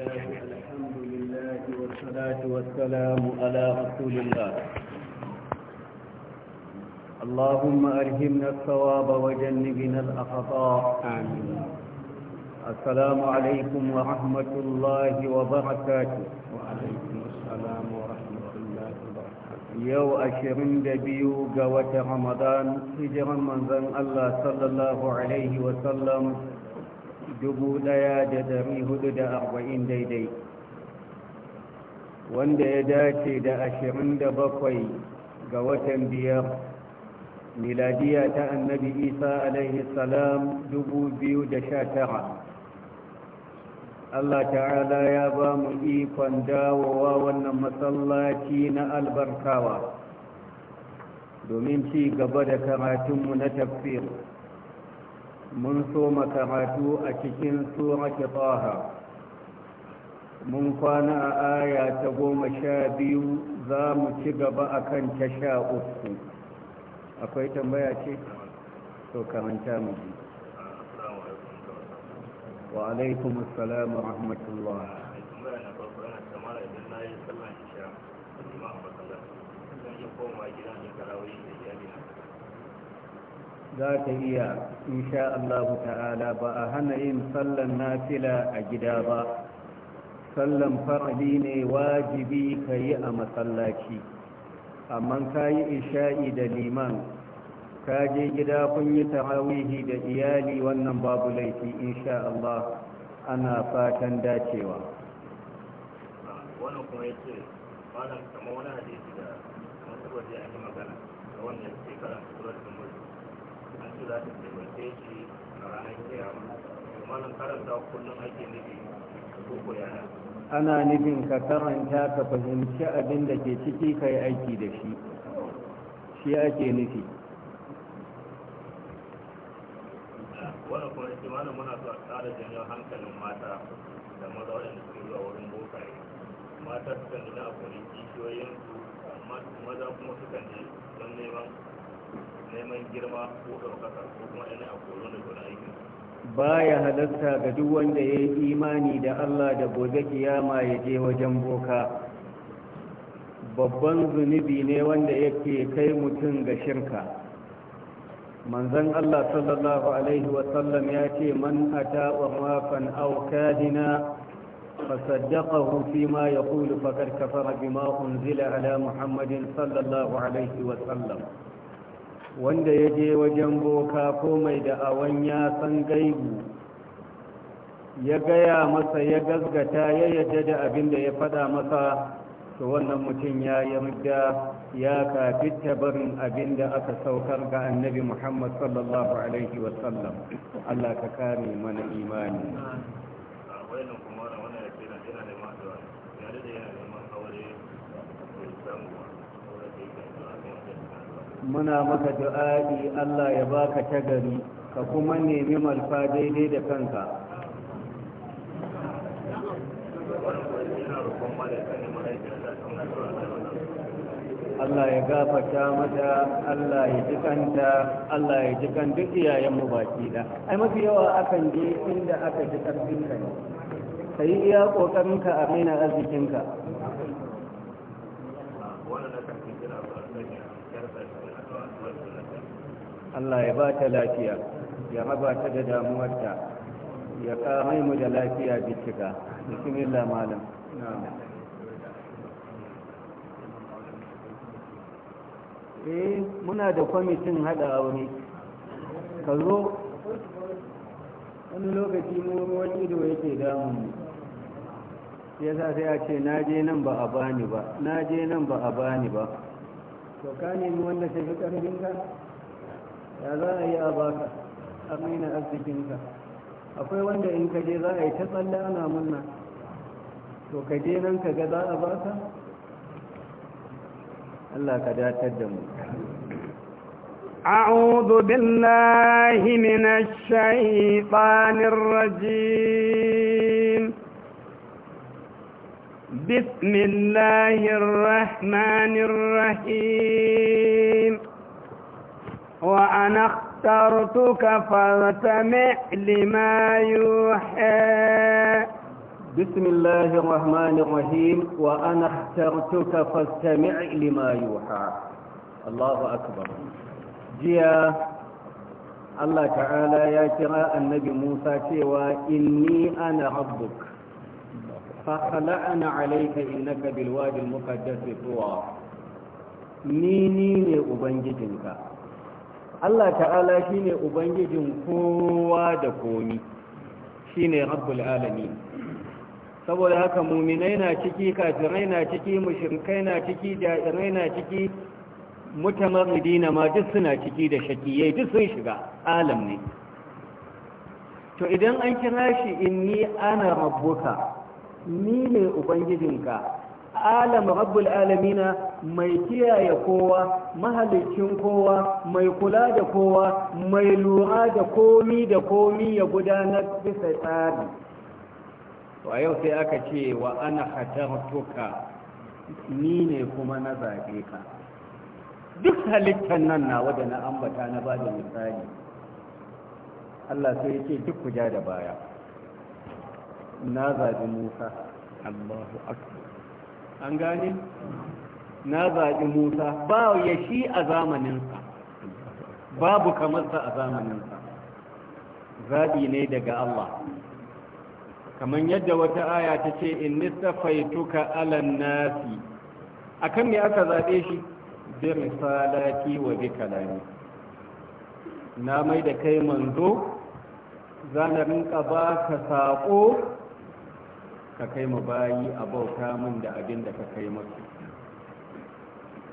لله الحمد لله والصلاة والسلام على رسول الله اللهم ألهمنا الصواب وجنبنا الأخطاء آمين السلام عليكم ورحمة الله وبركاته وعليكم السلام ورحمة الله وبركاته يو أشرين دبيو قوة رمضان هجرا من ذن الله صلى الله عليه وسلم dubu ɗaya da dari hudu da arba'in daidai wanda ya dace da ashirin da bakwai ga watan biyar miladiya ta annabi isa alaihi salam dubu biyu da sha tara Allah ta'ala ya ba mu ikon dawowa wannan masallaci na albarkawa domin ci gaba da karatunmu na tafsir. mun so makaratu a cikin surati taha mun kwana a aya ta goma sha biyu za mu ci gaba a kan ta sha uku akwai tambaya ce to karanta mu ji wa alaikum assalam wa rahmatullah na farko za ta iya insha Allah ta'ala ba a hana yin sallan nafila a gida ba sallan farali ne wajibi ka yi a masallaci amma ka yi isha'i da liman ka je gida kun yi tarawihi da iyali wannan babu laifi insha Allah ana fatan dacewa wannan kuma ya ce malam kamar wani hadisi da kuma waje an yi magana da wannan shekara suratun mulki za ta a ranar karanta kullum ake ko ana nufin ka karanta ka fahimci abin da ke ciki ka yi aiki da shi shi ake nufi wani kuma shi wani muna zuwa tsara janyo hankalin mata da maza waɗanda suke zuwa wurin bokaye mata sukan nuna a kwanin kishiyoyinsu maza kuma sukan je don neman neman girma ko baya halatta ga duk wanda ya yi imani da Allah da gobe kiyama ya je wajen boka babban zunubi ne wanda yake kai mutum ga shirka manzon Allah sallallahu alaihi wasallam ya ce man ata wa mafan aw kadina fi ma yaqulu فقد kafara bima unzila ala muhammadin sallallahu alaihi wa sallam. wanda ya je wajen boka ko mai da'awan ya san gaibu ya gaya masa ya gasgata ya yadda da abin da ya faɗa masa to wannan mutum ya yarda ya kafita barin abin da aka saukar ga annabi muhammad sallallahu alaihi wasallam allah ka kare mana imani muna maka du'a'i Allah ya baka ta gari ka kuma nemi malfa daidai da kanka Allah ya gafata mata Allah ya ji kanta Allah ya ji kan duk iyayenmu baki da ai mafi yawa akan je inda aka ji karfin ka ne ka yi iya Amina a maina Allah ya bata lafiya ya haba ta da damuwarta ya kare mu da lafiya bincika bismillah malam eh muna da kwamitin hada aure ka zo wani lokaci mu wani ido yake damun mu ya sa sai a ce na je nan ba a bani ba na je nan ba a bani ba to ka nemi wanda sai fi ka? ya za a yi a baka a maina arzikinka akwai wanda in ka je za a yi ta tsalle ana munna to ka je nan ka ga za a baka Allah ka datar da mu أعوذ بالله من الشيطان الرجيم بسم الله الرحمن الرحيم وأنا اخترتك فاستمع لما يوحى بسم الله الرحمن الرحيم وأنا اخترتك فاستمع لما يوحى الله أكبر جيا الله تعالى يا ترى النبي موسى سوى إني أنا ربك فخلعنا عليك إنك بالوادي المقدس طوى نيني أبنجدنك Allah ta'ala shi ne ubangijin kowa da komi shi ne rabbul alami saboda haka muminai na ciki kafirai na ciki mushirkai na ciki jairai na ciki mutamarridina ma duk suna ciki da shakiyai duk sun shiga alam ne to idan an kira shi inni ana rabbuka ni ne ubangijinka alam rabbul alamina mai kiyaye kowa mahalicin kowa mai kula da kowa mai lura da komi da komi ya gudanar bisa tsari wa yau sai aka ce wa ana hatartuka ni ne kuma na zaɓe ka duk halittar nan na wadda na ambata na ba da misali Allah sai yake duk kuja da baya na zaɓi Musa Allahu akbar an gane na zaɓi musa ba ya shi a zamaninsa babu kamarsa a zamaninsa zaɓi ne daga Allah kamar yadda wata aya ta ce in ka alan nasi A kan me aka zaɓe shi bi Salati wa bi kalami na mai da kai manzo zana rinka ba ka saƙo ka kai ma bayi a bauta min da abin da ka kai masu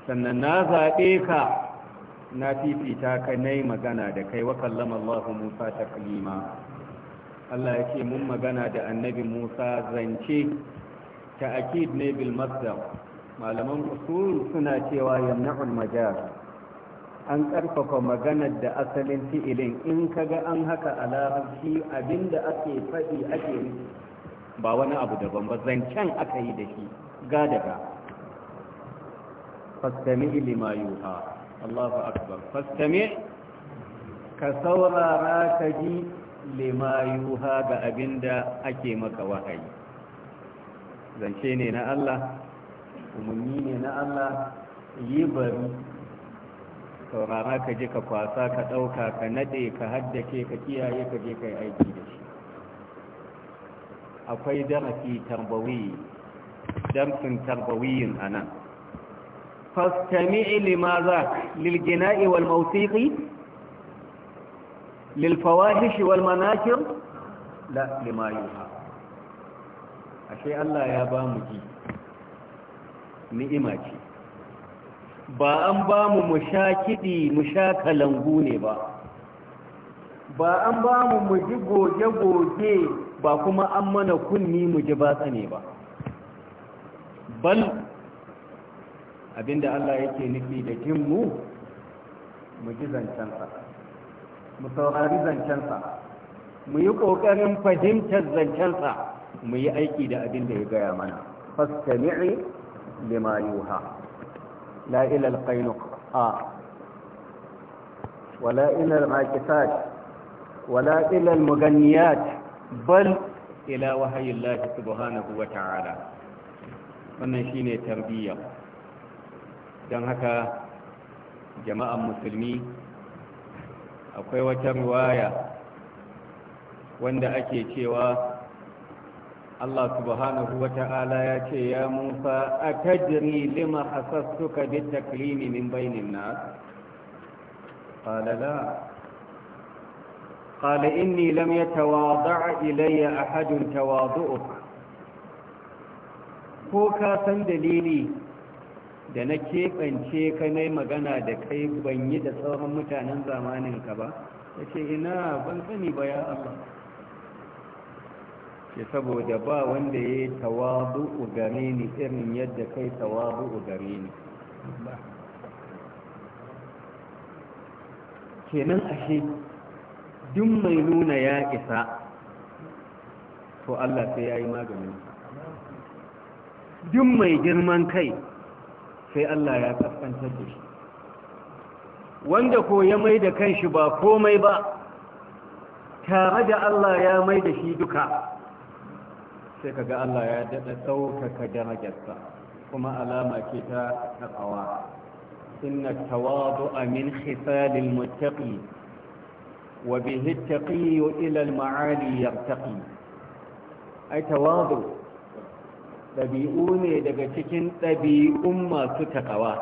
sannan na zaɓe ka na fifita ka na yi magana da kai wa kallama Allahu Musa ta kalima Allah ya ce mun magana da annabi Musa zance ta akid ne bil masdar malaman usul suna cewa yamna'ul majaz an karfafa maganar da asalin fi'ilin in kaga an haka a shi abinda ake faɗi ake ba wani abu daban ba zancen aka yi da shi ga daga fastami lima Allahu akbar fastami ka saurara ka ji lima ga abinda ake maka wahayi zance ne na Allah umarni ne na Allah yi bari saurara ka ji ka kwasa ka ɗauka ka naɗe ka haddake, ka kiyaye ka je ka aiki da shi akwai darasi tarbawi damsin tarbawiyin a nan fastami'i limaza lilgina'i wal mawsiqi lilfawahishi wal manakir la lima ashe Allah ya ba mu ji ni'ima ce ba an ba mu mu sha kiɗi mu sha kalangu ne ba ba an ba mu mu ji goge-goge ba kuma an mana kunni mu ji ba tsane ba bal abinda Allah yake nufi da jin mu ji zancensa mu saurari zancensa mu yi ƙoƙarin fahimtar zancensa mu yi aiki da abinda ya gaya mana fastami'i lima yuha la ila alqainuq a wala ila almaqitat wala ila almuganniyat bal ila wahayin lafi subhanahu wa ta'ala wannan shine tarbiyya don haka jama'an musulmi akwai wata ruwaya wanda ake cewa Allah subhanahu wa ta'ala ya ce ya musa a tajiri lima hasastuka bi taklimi min bainin nas قال إني لم يتواضع إلي أحد تواضعك ko ka san dalili da na keɓance ka na magana da kai ban yi da sauran mutanen zamaninka ba ya ce ina ban sani ba ya Allah Ya saboda ba wanda ya yi tawadu'u ugari ni irin yadda kai tawadu'u gare ni kenan ashe duk mai nuna ya isa to Allah sai ya yi maganin duk mai girman kai sai Allah ya kaskantar da shi wanda ko ya mai da kanshi ba komai ba tare da Allah ya mai da shi duka sai kaga Allah ya daɗa ɗaukaka darajarsa kuma alama ce ta taɓawa inna tawadu min khisalil muttaqi وبه التقي إلى المعالي يرتقي أي تواضع ɗabi'une daga cikin ɗabi'un masu takawa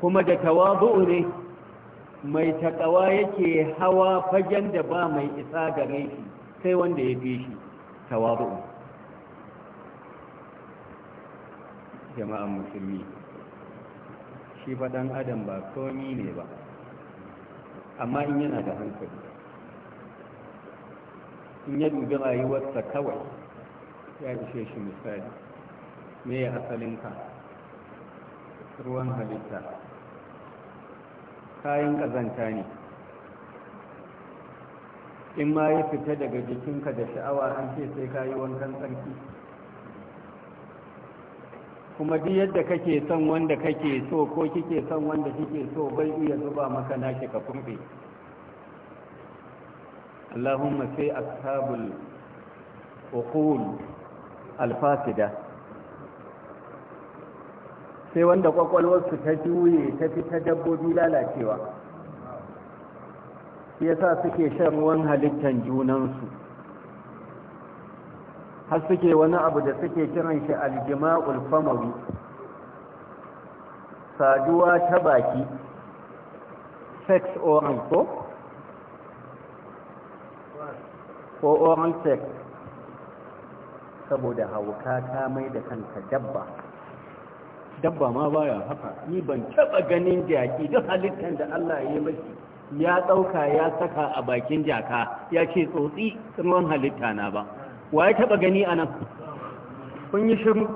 kuma da tawazu ne mai takawa yake hawa fagen da ba mai isa gare shi sai wanda ya fi shi tawazu jama'an musulmi shi faɗan adam ba komi ne ba amma in yana da hankali in ya dubi rayuwarsa kawai ya ishe shi misali me ya asalinka ruwan halitta kayan ƙazanta ne in ma ya fita daga jikinka da sha'awa an ce sai kayi wankan tsarki kuma duk yadda kake son wanda kake so ko kike son wanda kike so bai iya zuba maka nashi ka kurbe Allahumma sai ashabul uqul alfasida sai wanda kwakwalwarsu ta juye ta fi ta dabbobi lalacewa yasa suke shan ruwan halittan junansu har suke wani abu da suke kiran shi aljima'ul famawi saduwa ta baki sex oral ko ko oral sex saboda hauka ta mai da kanta dabba dabba ma baya haka ni ban taba ganin jaki duk halittar da Allah ya yi ya dauka ya saka a bakin jaka ya ce tsotsi ruwan halitta na ba wa ya taba gani a nan kun yi shiru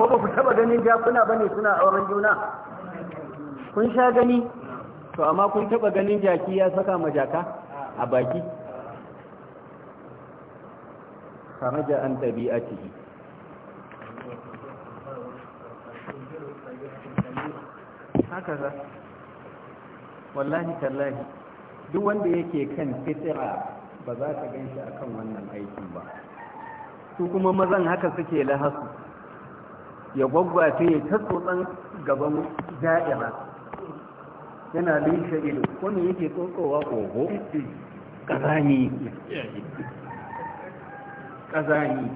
ko ba ku taba ganin jakuna ba ne suna auren juna kun sha gani to amma kun taba ganin jaki ya saka ma jaka a baki kharaja an tabi'atihi haka za wallahi tallahi duk wanda yake kan fitira ba za ka gan shi akan wannan aikin ba su kuma mazan haka suke lahasu ya gwaggwace ya ta ɗan gaban da'ira yana lishe ido wani yake tsotsowa ƙoho ƙazani ƙazani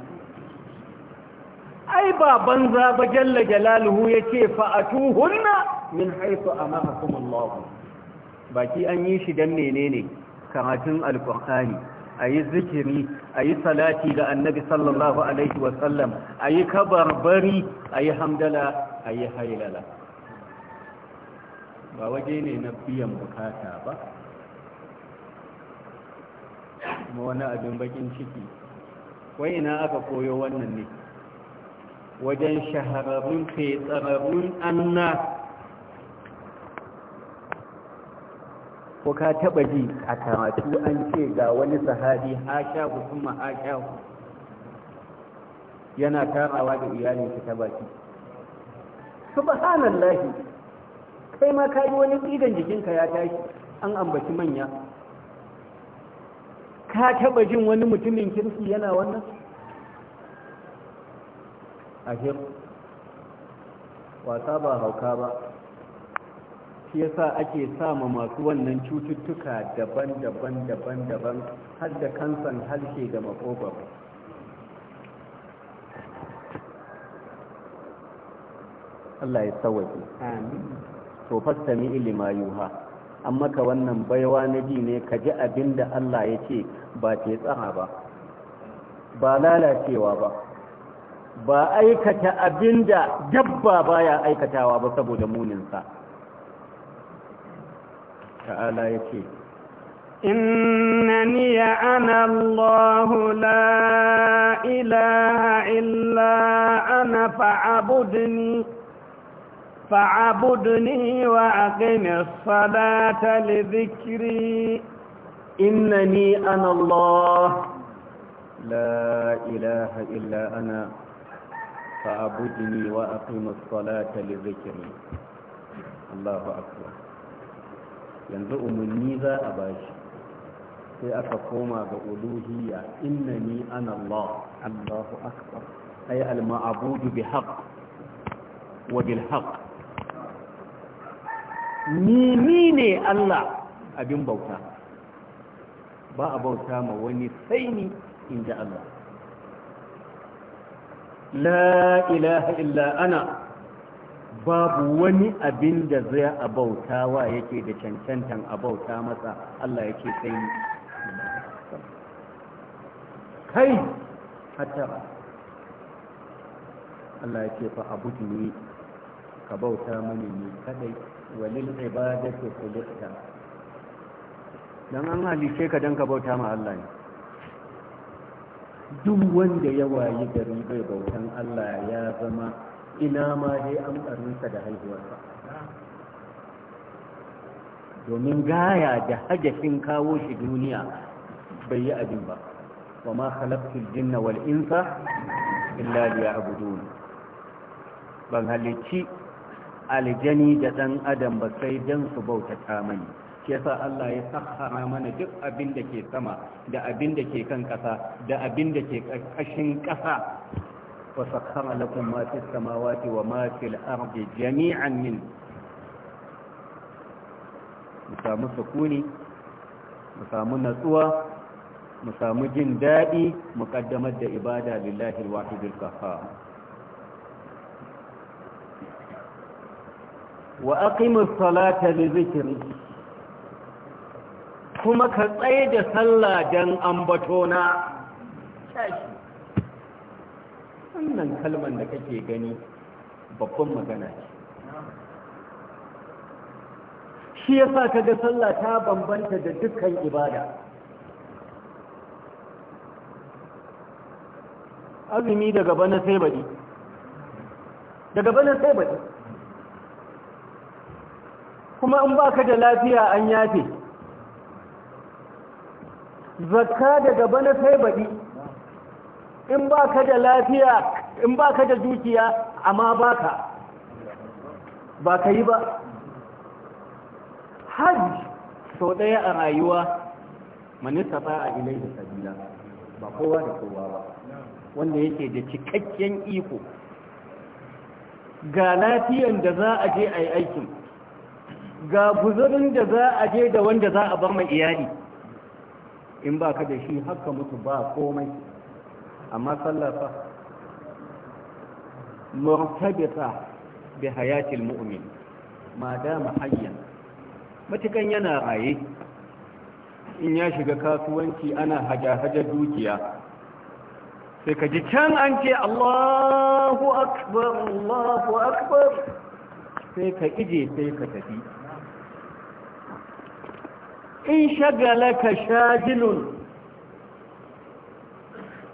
ai ba banza ba jalla jalaluhu ya ce fa'atuhunna min haifu a ma'akumun baki an yi shi don menene karatun alƙur'ani a yi zikiri a yi salati ga annabi sallallahu alaihi wasallam a yi kabarbari a yi hamdala a yi hailala ba waje ne na biyan bukata ba kuma wani abin bakin ciki wai ina aka koyo wannan ne wajen shahararrun fetsararrun anna ko ka taba ji a karatu an ce ga wani sahabi hasha kuma sha. yana tarawa da iyalin shi ta baki subhanallahi kai ma ka ji wani idan jikinka ya tashi an ambaci manya ka taba jin wani mutumin kirki yana wannan ahir wasa ba hauka ba shi yasa ake sama masu wannan cututtuka daban-daban daban-daban har da kansan harshe da makogwaro Allah ya tsawaki to fastami ilima yuha an maka wannan baiwa na ji ne ka ji abinda da Allah ya ce ba ce tsaha ba ba lalacewa ba ba aikata abin dabba baya aikatawa ba saboda muninsa ta'ala ya ce innani ya ana allahu la ilaha illa ana fa'abudni fa'abudni wa aqimi salata li dhikri innani ana allah la ilaha illa ana fa'abudni wa aqimi salata li dhikri yanzu umarni za a bashi sai aka koma ga uluhiyya inna ni ana Allah Allahu akbar ay al-ma'budu bi haqq wa bil haqq ni ni ne Allah abin bauta ba a bauta ma wani sai ni inda Allah la ilaha illa ana babu wani abin da zai abauta wa yake da cancantan abauta masa Allah yake sai ni kai hatta Allah yake fa abudu ne ka bauta mani ne kadai walil ibadatu khuliqta dan an halice ka dan ka bauta ma Allah ne duk wanda ya wayi gari bai bautan Allah ya zama ina ma dai an ɓarninsa da haihuwarsa domin gaya da hajjafin kawo shi duniya bai yi abin ba wa ma halaktul jinna wal insa illa liya'budun ban halicci aljani da dan adam ba sai dan su bautata mani shi yasa Allah ya sakhara mana duk abin da ke sama da abin da ke kan ƙasa, da abin da ke ƙashin ƙasa. وسخر لكم ما في السماوات وما في الأرض جميعا منه مسام سكوني مسام نسوة مسام جندائي مقدمة إبادة لله الواحد القهار وأقم الصلاة لذكري kuma ka tsaye da sallah don ambatona wannan kalman da kake gani babban magana ce shi ya ka kaga sallah ta bambanta da dukkan ibada azumi daga bana sai baɗi daga bana sai baɗi kuma in baka da lafiya an yafe zakka daga bana sai baɗi in ba ka da lafiya in ba ka da dukiya amma ba ka ba ka yi ba hajji sau ɗaya a rayuwa manista ba a ilai da sabila ba kowa da kowa ba wanda yake da cikakken iko ga lafiyan da za a je a yi aikin ga guzurin da za a je da wanda za a bar mai iyali in ba ka da shi haka mutu ba komai amma sallah fa murtabita bi hayatil mu'min ma dama hayyan matukan yana raye in ya shiga kasuwanci ana haja-haja dukiya sai ka ji can an ce Allahu akbar Allahu akbar sai ka ije sai ka tafi in shagala ka shajilun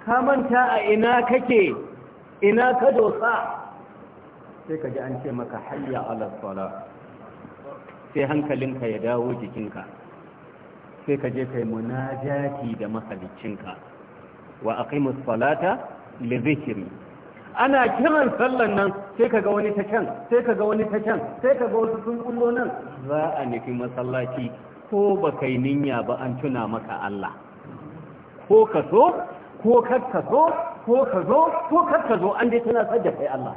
ka manta a ina kake ina ka dosa sai ka ji an ce maka hayya ala sala sai hankalinka ya dawo jikinka sai ka je kai munajati da mahaliccinka wa aqimus salata li dhikri ana kiran sallan nan sai kaga wani ta can sai kaga wani ta can sai kaga wasu sun kullo nan za a nufi masallaci ko ba kai ninya ba an tuna maka Allah ko ka so ko kar ka zo ko ka zo ko kar ka zo an dai tana sadda kai Allah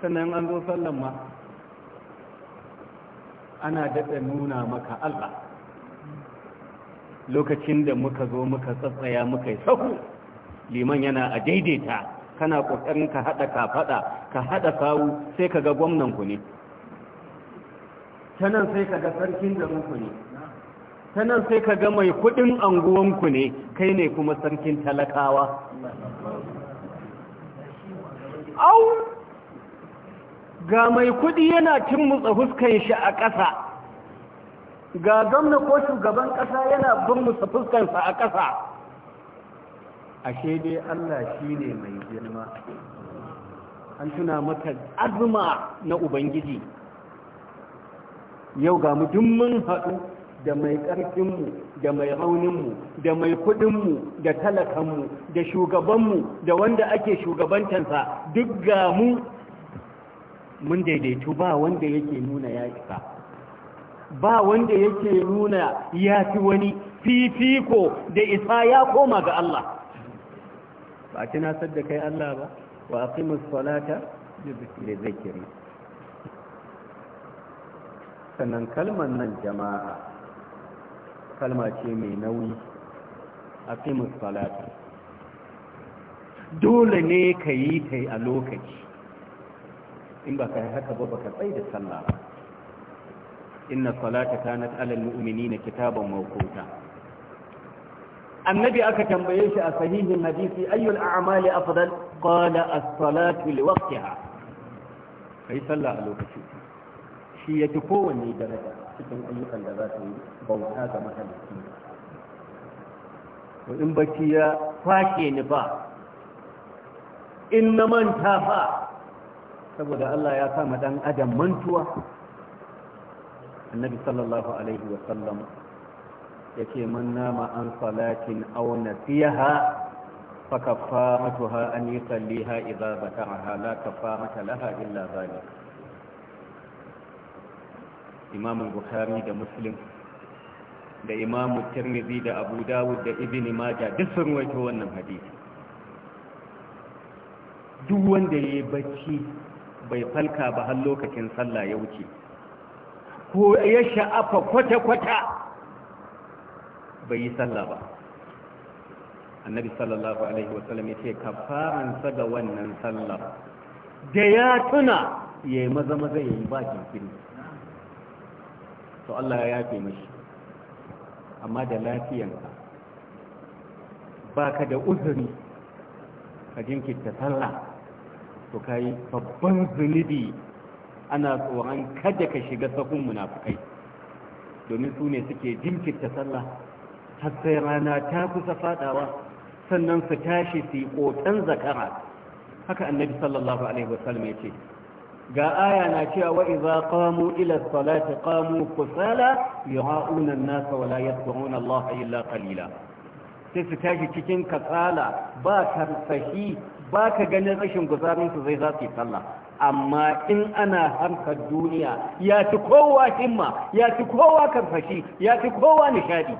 sannan an zo sallan ma ana daɗa nuna maka Allah lokacin da muka zo muka tsatsaya muka yi sahu liman yana a daidaita kana ƙoƙarin ka haɗa kafaɗa ka haɗa kawu, sai ka ga gwamnan ku ne sannan sai ka ga sarkin da muku ne ta nan sai ka ga mai kudin anguwanku ne kai ne kuma sarkin talakawa au ga mai kudi yana cin mutsa fuskan shi a ƙasa ga gwamna ko shugaban ƙasa yana bin musa fuskansa a ƙasa ashe dai Allah shi ne mai girma an tuna mata azuma na Ubangiji yau ga mu mun haɗu da mai ƙarfinmu da mai rauninmu da mai kuɗinmu da talakanmu da shugabanmu da wanda ake shugabantansa duk ga mu mun daidaitu ba wanda yake nuna ya isa ba wanda yake nuna ya fi wani fifiko da isa ya koma ga Allah ba kina da kai Allah ba wa aqimus salata li zikri sannan kalmar nan jama'a kalma ce mai nauyi a fimus falata dole ne ka yi ta a lokaci in ba ka haka ba ba ka tsaye da sallah ba inna salata kanat alal mu'minina kitaban mawquta annabi aka tambaye shi a sahihin hadisi ayyul a'mali afdal qala as-salatu li waqtiha kai sallah a lokaci shi ya yafi kowanne daraja cikin ayyukan da za su yi bauta ga mahalicci to in bacci ya kwashe ni ba in na manta ba saboda Allah ya ma dan adam mantuwa annabi sallallahu alaihi wa sallam yake man nama an salatin aw nasiha fa kafaratuha an yusalliha idza zakaraha la kafarata laha illa zalika imam bukhari da muslim da imam tirmidhi da abu dawud da ibn majah duk sun wato wannan hadisi duk wanda yayi bacci bai falka ba har lokacin sallah ya wuce ko ya sha'afa kwata-kwata bai yi sallah ba annabi sallallahu alaihi wa sallam ya ce kafaransa ga wannan sallar da ya tuna ya yi maza-maza ya bakin kiri to Allah ya yafe mashi amma da lafiyanka baka da uzuri ka jinkirta sallah to kai babban zunubi ana tsoron kada ka shiga sahun munafukai domin su ne suke jinkirta sallah har sai rana ta kusa fadawa sannan su tashi su yi ƙoƙon zakara haka annabi sallallahu alaihi wasallam ya ce ga aya na cewa waiza idza qamu ila salati qamu kusala yu'auna an nasa wa la yadhkuruna Allah illa qalila sai su tashi cikin katsala ba karsashi ba ka ganin rashin guzarin su zai za su yi sallah amma in ana harkar duniya ya ci kowa himma ya ci kowa karfashi ya ci kowa nishadi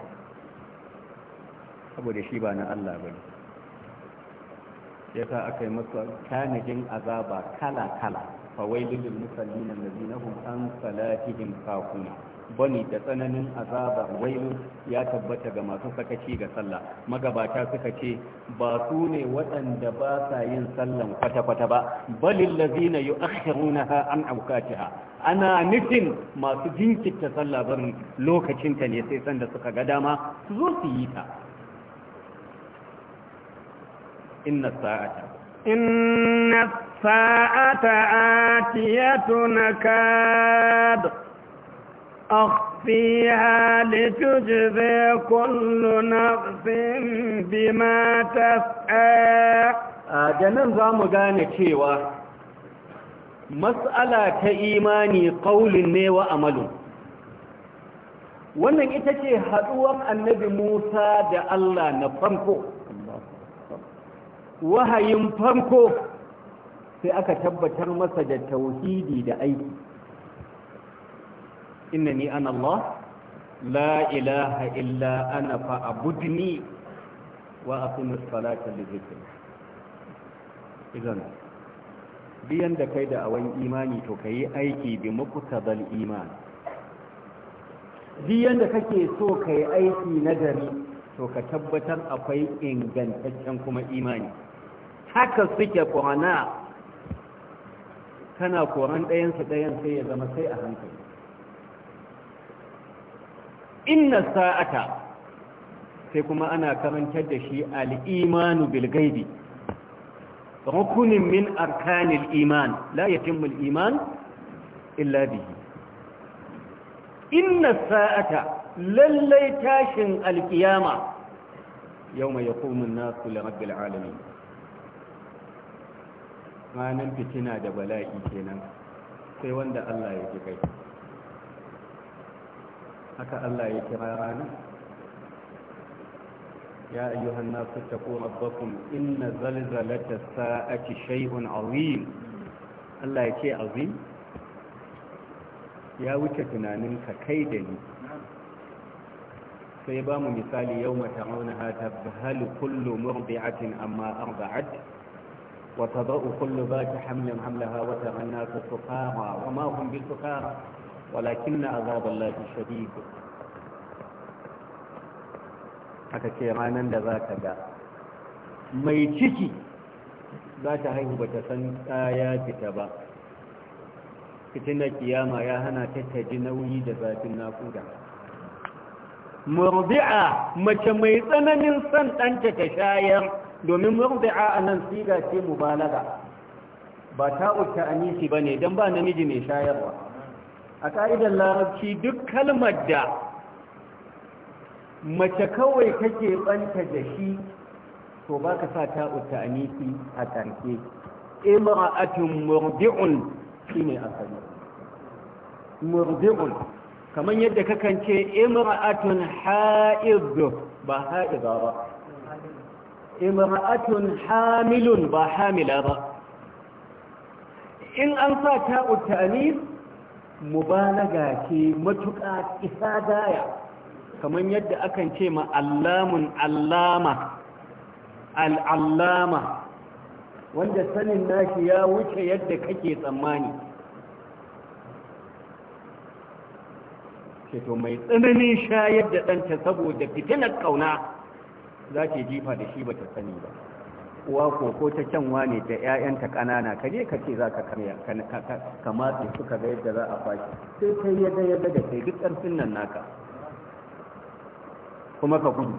saboda shi ba na Allah bane yasa aka yi masa tanajin azaba kala kala fawailul lil musallin alladhina hum an salatihim sahun bani da tsananin azaba wailu ya tabbata ga masu sakaci ga sallah magabata suka ce ba su ne waɗanda ba sa yin sallan kwata-kwata ba balil lazina yu'akhkhirunaha an awqatiha ana nufin masu jinkirta sallah barin lokacinta ne sai sanda suka ga dama su zo su yi ta inna sa'ata inna sa’ata a tiyatu na kaɗa, ọkpi halittu zai kullu na fin bi mata nan za mu gane cewa, Mas’ala ta imani ƙaunin ne wa amalin. Wannan ita ce haɗuwar annabi Musa da Allah na farko, wahayin farko. sai aka tabbatar masa da tauhidi da aiki Inna ni an Allah la ilaha illa ana fa'budni wa aqimus salata li dhikri idan biyan da kai da awon imani to ka yi aiki bi muqtadal iman biyan da kake so ka yi aiki nagari to ka tabbatar akwai ingantaccen kuma imani haka suke kwana kana koran ɗayansu ɗayan sai ya zama sai a hankali inna sa'ata sai kuma ana karantar da shi al'imanu bilgaibi rukunin min arkanil iman la yatimul illa bihi inna sa'ata lallai tashin alkiyama yau mai ya nasu da rabbil ranar fitina da bala'i kenan sai wanda Allah ya ji kai haka Allah ya kira ranar ya ayyuhan nasu taqu rabbakum inna zalzalata sa'ati shay'un 'azim Allah ya ce azim ya wuce tunaninka kai da ni sai ba mu misali yau mata auna ha ta halu kullu murbi'atin amma arba'at وتضع كل ذات حمل حملها وترى الناس سكارى وما هم بسكارى ولكن عذاب الله شديد haka ce ranar da za ka ga mai ciki za ta haihu ba ta san ɗaya fita ba fitinar kiyama ya hana ta ji nauyi da zafin nakuda murdi'a mace mai tsananin son ɗanta ta shayar domin a nan siga ce mubalaga ba ta anisi ba bane dan ba namiji mai shayarwa a ka'idar larabci duk kalmar da mace kawai kake banta da shi to baka sa ta uta anisi a ƙarfe imra'atun murdi'un shine asali murdi'un kamar yadda kakan ce imra'atun ha'id ba ha'iza ba imra'atun hamilun ba hamila ba in an sa ta'u mu mubalaga ke matuƙa isa gaya kamar yadda akan ce ma allamun allama al'allama wanda sanin nashi ya wuce yadda kake tsammani ceto mai tsananin shayar da ɗanta saboda fitinar ƙauna za ke jifa da shi ba ta sani ba uwa ko ko ta canwa ne da ƴaƴanta ƙanana ka je ka ce za ka karya ka matse su ka ga yadda za a fashi sai kai yadda yadda da kai duk ƙarfin nan naka kuma ka gudu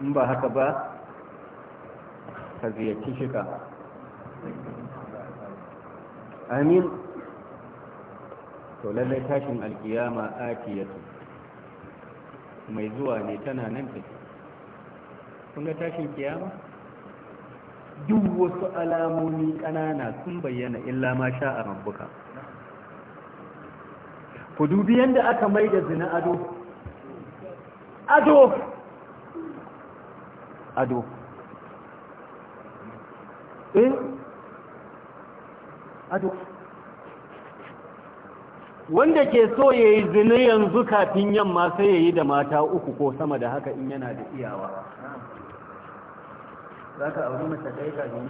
in ba haka ba ka ziyarci shiga amin to lallai tashin alkiyama atiyatu mai zuwa ne tana nan take kun ga tashin kiyama duk wasu alamomi ƙanana sun bayyana illa ma sha a rambuka ku dubi yadda aka mai da zina ado ado ado eh ado wanda ke so ya yi zina yanzu kafin yamma sai ya yi da mata uku ko sama da haka in yana da iyawa za ka auri mace ɗaya ka nan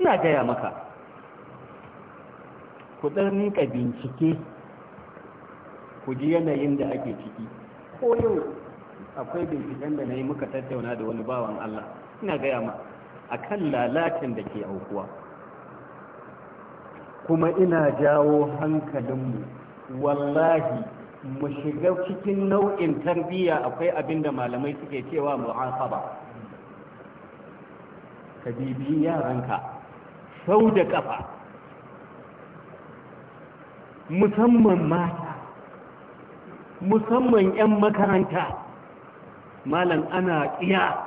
ina gaya maka ku ɗan bincike ku ji yanayin da ake ciki ko yau akwai binciken da na yi muka tattauna da wani bawan Allah ina gaya ma a kan lalacin da ke aukuwa kuma ina jawo hankalinmu wallahi mu shiga cikin nau'in tarbiyya akwai abin da malamai suke cewa mu'asaba ka yaranka sau da kafa musamman mata musamman 'yan makaranta malam ana iya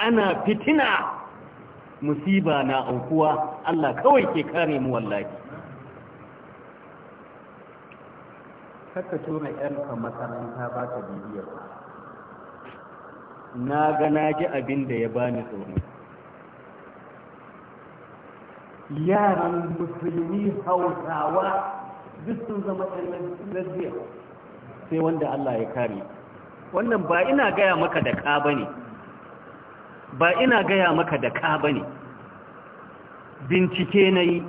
ana fitina musiba na aukuwa Allah kawai ke kare mu wallahi kakka tura yarka makaranta ba ta bibiyar na ga na ji abin da ya bani tsoro yaran musulmi hausawa duk sun zama ɗan sai wanda Allah ya kare wannan ba ina gaya maka da ka bane ba ina gaya maka da ka bane bincike na yi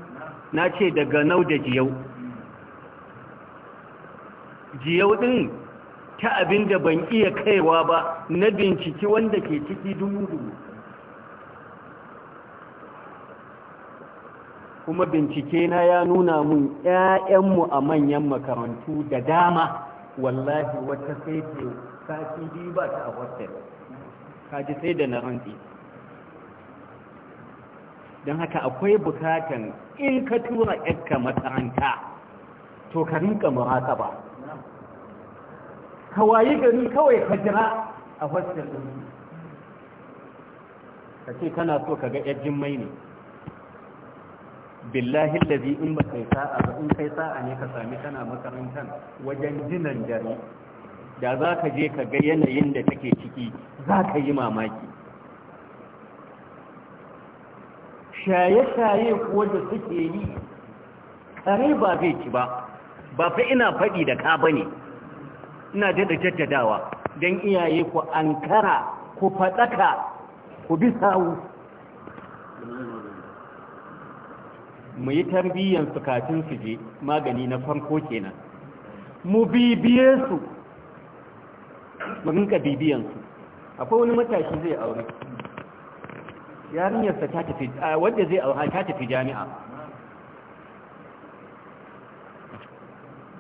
na ce daga nau da jiyau jiyau din ta abin da ban iya kaiwa ba na binciki wanda ke ciki dubu-dubu kuma bincike na ya nuna mun 'ya'yanmu a manyan makarantu da dama wallahi wata sai ce sashi biyu ba ta a kaji sai da na rantsi don haka akwai bukatan in ka tura 'yarka makaranta to ka rinka mara ba ka wayi gari kawai ka jira a hostel ɗin ka ce kana so ka ga yajin mai ne billahi lazi in ba kai sa'a ba in kai sa'a ne ka sami kana makarantar wajen jinan dare da za ka je ka ga yanayin da take ciki za ka yi mamaki shaye-shaye kuwa da suke yi kare ba zai ci ba ba fa ina faɗi da ka bane ne ina daɗa jaddadawa don iyaye ku ankara ku faɗaka ku bi sawu mu yi tarbiyyar su kafin su je magani na farko kenan mu bibiye su mu rinka bibiyan su akwai wani matashi zai aure yarinyarsa ta tafi wanda zai aure ta tafi jami'a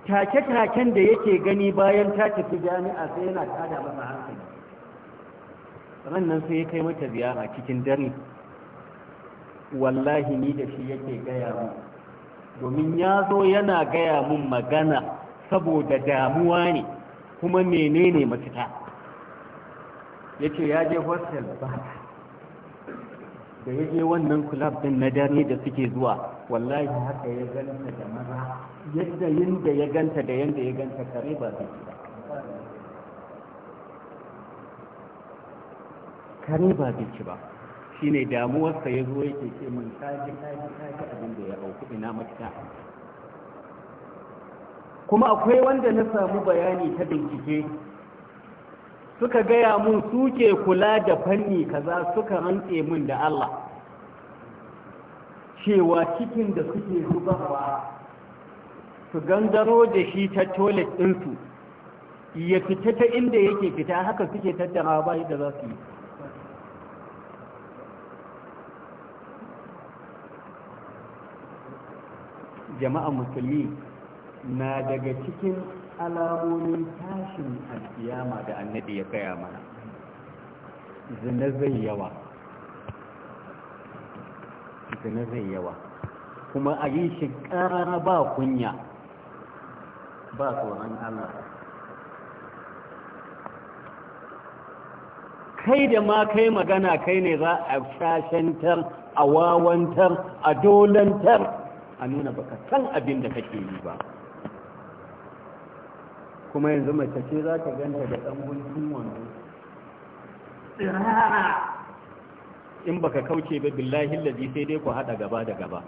take-taken da yake gani bayan ta tafi jami'a sai yana tada masa hankali rannan sai ya kai mata ziyara cikin dare wallahi ni da shi yake gaya mu domin ya zo yana gaya mun magana saboda damuwa ne kuma menene mafita ya ce ya je hostel ba da ya je wannan kulab din na dare da suke zuwa wallahi haka ya ganta da maza yadda yadda ya ganta da yadda ya ganta kare ba zai ba kare ba zai ci ba ne damuwarsa ya zo yake ce mun kaji kaji kaji abin da ya auku ina matuka. kuma akwai wanda na samu bayani ta bincike suka gaya mun suke kula da fanni kaza suka rantse mun da Allah cewa cikin da suke zubarwa su gangaro da shi ta toilet ɗinsu ya fita ta inda yake fita haka suke tattara ba da za su yi jama'a musulmi na daga cikin alamomin tashin alkiyama da annabi ya gaya mana zina zai yawa zina zai yawa kuma a yi shi ƙara ba kunya ba tsoron allah kai da ma kai magana kai ne za a shashantar a wawantar a dolantar a nuna baka san abin da kake yi ba kuma yanzu mace ce za ka ganta da ɗan guntun wanzu in baka kauce ba billahi lalzi sai dai ku haɗa gaba da gaba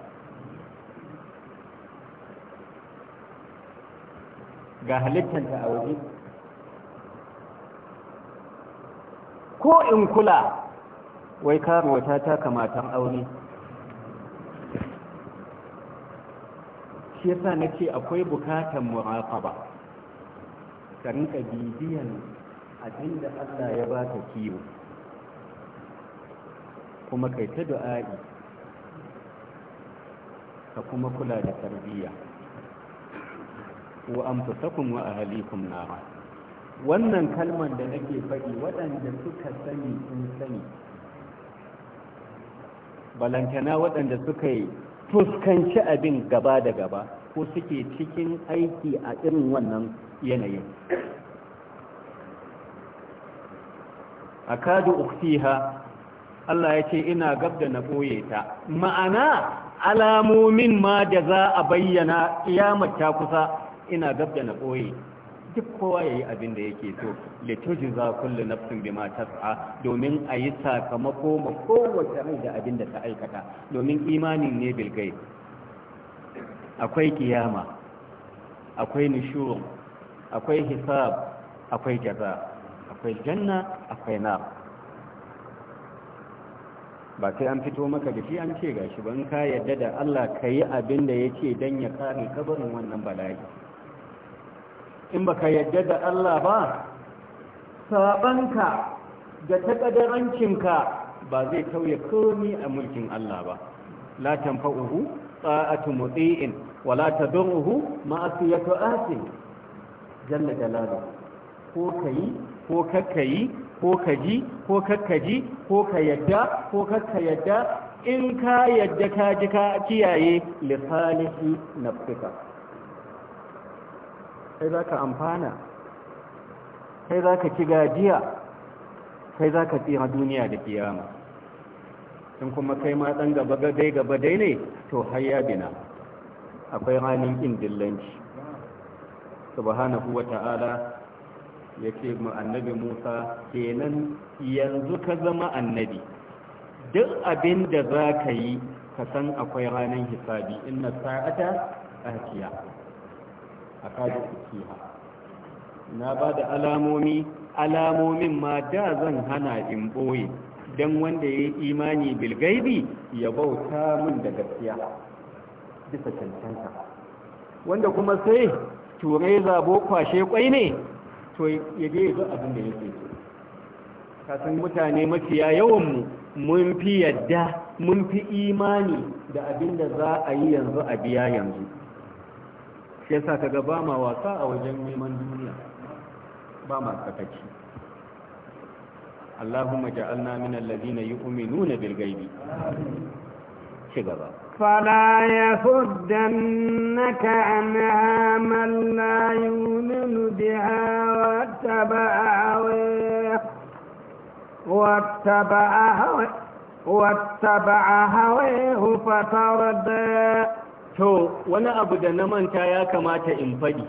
ga halittanta a waje ko in kula wai karuwata ta kamatan aure shi yasa na ce akwai bukatan muraqaba ka rinka bibiyan abin da Allah ya ba ka kiwo kuma kai ta du'a'i ka kuma kula da tarbiyya wa anfusakum wa ahlikum nara wannan kalman da nake faɗi waɗanda suka sani sun sani balantana waɗanda suka yi fuskanci abin gaba da gaba ko suke cikin aiki a irin wannan yanayin a akadu uktiha Allah ya ce ina gab da na ɓoye ta ma'ana alamomin ma da za a bayyana kiyamar ta kusa ina gab da na ɓoye duk kowa ya yi abin da yake so litoji za kulle nafsin bi ma tas'a domin a yi sakamako ma kowace rai da abin da ta aikata domin imanin ne bilgai akwai ƙiyama, akwai nishuwa akwai hisab akwai jaza akwai janna akwai na ba sai an fito maka da shi an ce gashi ban ka yadda da Allah ka yi abin da ya ce don ya kare kabarin wannan bala'i in baka yadda da Allah ba sabanka da taƙadarancinka ba zai tauye komi a mulkin Allah ba la tanfa'uhu ta'atu mudi'in wa la tadurruhu ma'asiyatu asin jalla jalalu ko yi ko kakkayi ko kaji ko kakkaji ko ka yadda ko kakka yadda in ka yadda ka ji ka kiyaye lisalihi nafsika sai za ka amfana sai za ka ci gajiya sai za ka tsira duniya da kiyama in kuma kai ma dan gaba gadai gaba dai ne to hayya bina akwai ranin indillanci. subhanahu wa ta'ala ya ce mu annabi musa kenan yanzu ka zama annabi duk abin da za ka yi ka san akwai ranar hisabi inna sa'ata atiya a kaji ukiha na ba da alamomi alamomin ma da zan hana in boye don wanda ya yi imani bilgaibi ya bauta min da gaskiya bisa cancanta wanda kuma sai ture zabo kwashe kwai ne to ya je ya zo abin da yake kasan mutane mafiya yawanmu mun fi yadda mun fi imani da abin da za a yi yanzu a biya yanzu shi yasa kaga ba ma wasa a wajen neman duniya ba ma sakaci اللهم اجعلنا من الذين يؤمنون بالغيب ci gaba fala yasuddannaka anha man la yu'minu biha wattaba'a wattaba'a hawahu fatarda to wani abu da na manta ya kamata in faɗi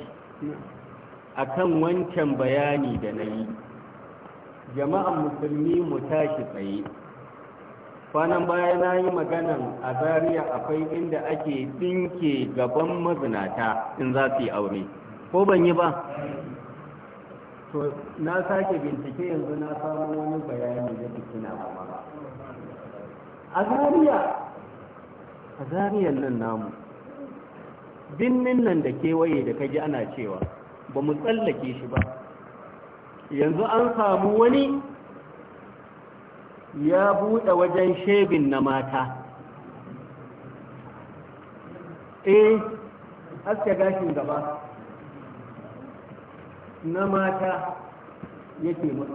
akan wancan bayani da na yi jama'an musulmi mu tashi tsaye kwanan baya na yi maganan a zariya akwai inda ake ɗinke gaban mazinata in za su yi aure ko ban yi ba to na sake bincike yanzu na samu wani bayani da fitina ba a zariya a zariyan nan namu binnin nan da kewaye da kaji ana cewa ba mu tsallake shi ba yanzu an samu wani ya buɗe wajen shebin na mata E, haske gashin gaba na mata yake mutu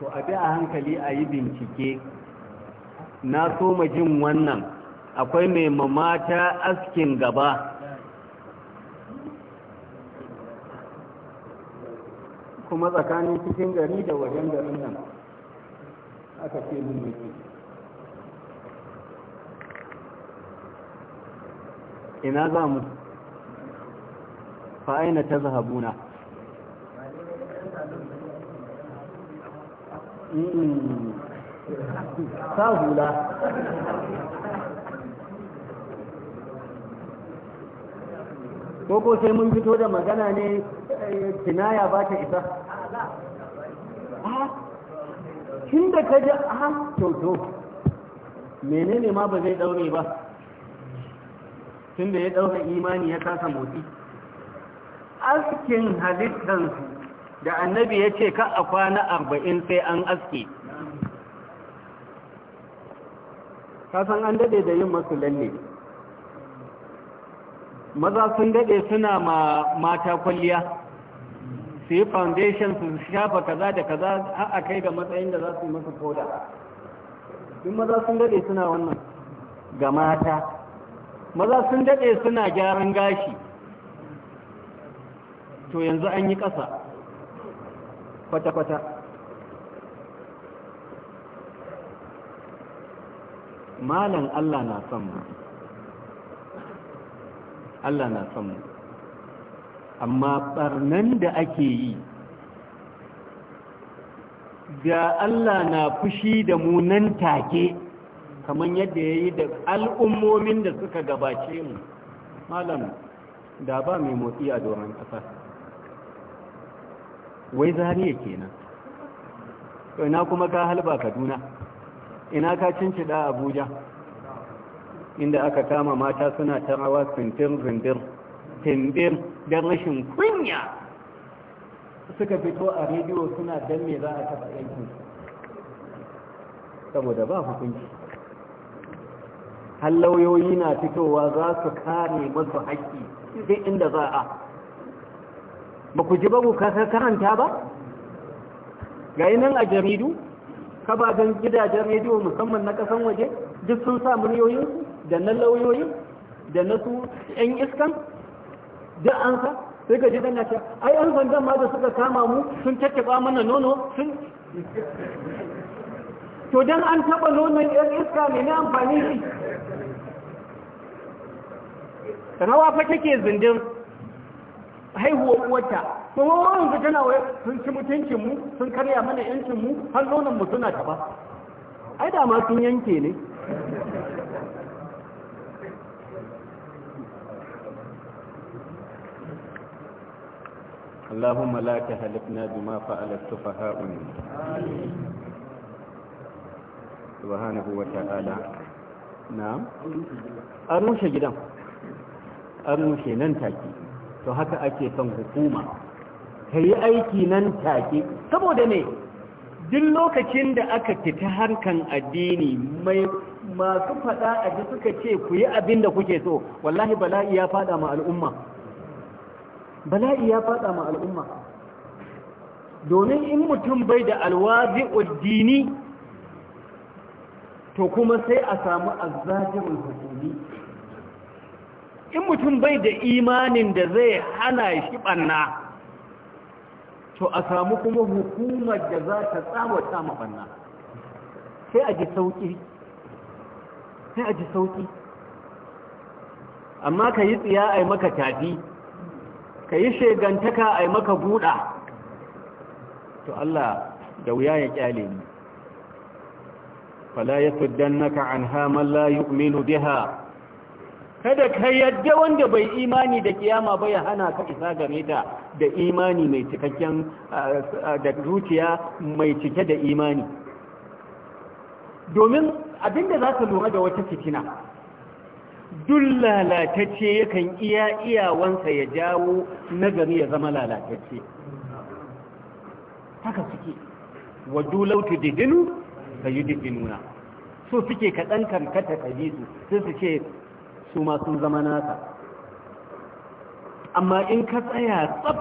to abi a hankali a yi bincike na so jin wannan akwai mai mamata askin gaba kuma tsakanin cikin gari da wajen garin nan aka ce mun nake ina za mu fa'ina ta zahabuna sa hula ko ko sai mun fito da magana ne eh, kinaya ba ta isa tun da ka ji a ah, to menene ma ba zai daure ba tun da ya daure imani ya kasa motsi askin halittansu da annabi ya ce ka a kwana arba'in sai an aske kasan an dade da yin masu lalle maza sun dade suna ma mata kwalliya su yi foundation su shafa kaza da kaza har a kai da matsayin da za su yi masu koda in maza sun daɗe suna wannan ga mata maza sun daɗe suna gyaran gashi to yanzu an yi ƙasa kwata-kwata malan Allah na son mu Allah na son mu amma barnan da ake yi ga Allah na fushi da mu nan take kamar yadda ya yi da al'ummomin da suka gabace mu malam da ba mai motsi a doron ƙasa wai zariya kenan ina kuma ka halba kaduna ina ka cincida abuja inda aka kama mata suna tarawa rawa sintir tindir da rashin kunya suka fito a rediyo suna dan me za a taba yankin saboda ba hukunci lauyoyi na fitowa za su kare masu haƙƙi sai inda za a ba ku ji ba ku karanta ba ga nan a jaridu kabajen gidajen rediyo musamman na kasan waje duk sun sa muryoyin da na lauyoyin da na su 'yan iskan duk an sa sai ka ji dan nace ai an sandan ma da suka kama mu sun tattaba mana nono sun to dan an taba nonon yan iska ne na amfani shi rawa fa take zindin haihuwar uwarta kuma wannan ka tana wai sun ci mutuncin mu sun karya mana yancin mu har nonon mu suna taba ai da ma sun yanke ne اللهم لا تهلكنا بما فعل السفهاء منا سبحانه وتعالى نعم أرنوش جدا أرنوش ننتاكي to haka ake son hukuma ta yi aiki nan take saboda ne duk lokacin da aka fita harkan addini masu faɗa a suka ce ku yi abin kuke so wallahi bala'i ya faɗa ma al'umma bala'i ya fada ma al'umma domin in mutum bai da alwazi uddini to kuma sai a samu azzajirul hukumi in mutum bai da imanin da zai hana shi banna to a samu kuma hukumar da za ta tsawata ma banna sai a ji sauki sai a ji sauki amma ka yi tsiya a maka tafi ka yi shegantaka a yi maka buɗa to Allah da wuya ya kyale ni fala ya naka an haman la yu'minu biha kada ka yadda wanda bai imani da kiyama ba ya hana ka isa game da da imani mai cikakken da zuciya mai cike da imani domin abinda za ka lura da wata fitina duk lalatacce yakan iya iyawansa ya jawo nagari ya zama lalatacce haka suke wadu lautu didinu da yi didinuna so suke kaɗan karkata kabisu sai su ce su ma sun zama nasa amma in ka tsaya tsab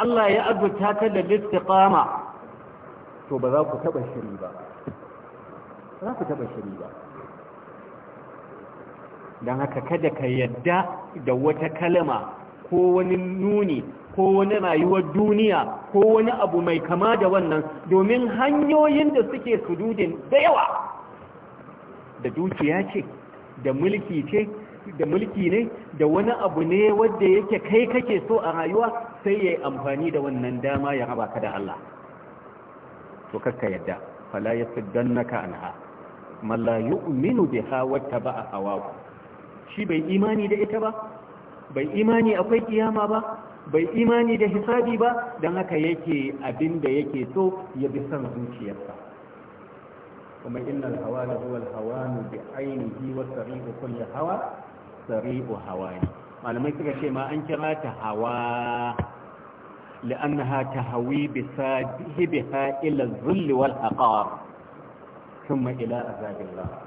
Allah ya ta ka da listiqama to ba za ku taɓa shiri ba za ku taɓa shiri ba don haka kada ka yadda da wata kalama ko wani nuni ko wani rayuwar duniya ko wani abu mai kama da wannan domin hanyoyin da suke sududin da yawa da dukiya ce da mulki ce da mulki ne da wani abu ne wanda yake kai kake so a rayuwa sai yayi amfani da wannan dama ya raba ka da Allah to kakka yadda fala yasuddannaka anha man la yu'minu biha wattaba'a hawahu shi bai imani da ita ba bai imani akwai kiyama ba bai imani da hisabi ba don haka yake abin da yake so ya bi son zuciyarsa kuma innal hawa da hawa hawanu bi ainihi wa sari'u kulli hawa sari'u ne. malamai suka ce ma an kira ta hawa لأنها تهوي بساده بها إلى الظل والأقار ثم إلى أذاب الله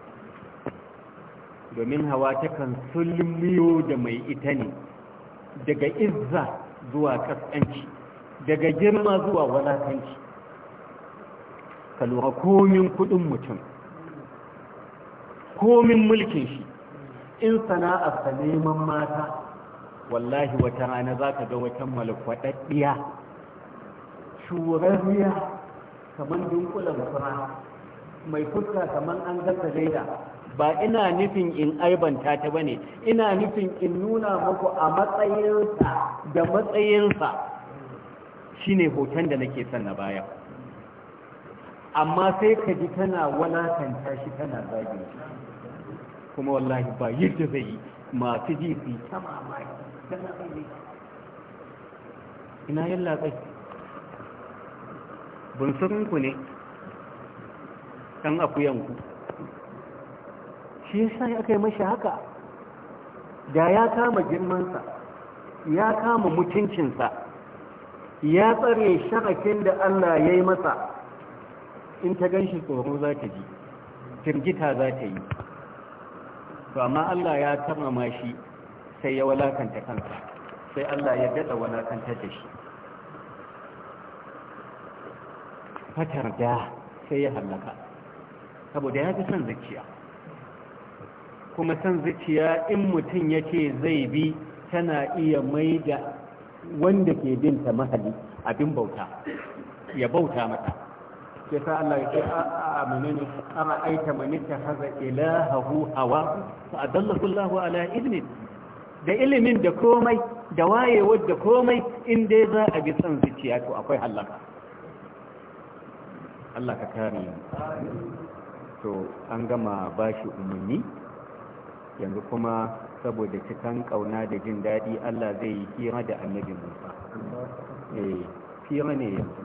domin hawa takan sulmiyo da mai ita ne daga izza zuwa kaskanci daga girma zuwa wadatanci ka lura komin kudin mutum komin mulkin shi in sana'a sana'arsa neman mata wallahi wata rana za ka ga wata malakwaɗaɗɗiya shurarriya kamar dunkulan fura mai fuska kamar an gasa leda ba ina nufin in aibanta ta bane ina nufin in nuna muku a matsayinsa da matsayinsa shine hoton da nake son na baya amma sai ka ji tana walakanta shi tana zagi kuma wallahi ba yadda zai yi masu ji su yi ta mamaki ina yin latsai bunsurinku ne ɗan akuyanku shi yasa aka yi mashi haka da ya kama girmansa ya kama mutuncinsa ya tsare sharafin da Allah ya yi masa in ta gan shi tsoro za ta ji firgita za ta yi to amma Allah ya tamama shi sai ya walakanta kanta sai Allah ya daɗa walakanta da shi fatar da sai ya hallaka saboda ya fi son zakiya kuma san zuciya in mutum ya ce zai bi tana iya mai da wanda ke binta mahali abin bauta ya bauta mata ke sa Allah ya ce a menene ara aita manita haza ilahu hawa fa adallahu Allah ala izni da ilimin da komai da wayewar da komai in dai za a bi san zuciya to akwai halaka Allah ka kare mu to an gama bashi umarni yanzu kuma saboda cikin kauna da jin daɗi Allah zai yi hira da annabi Musa eh hira ne yanzu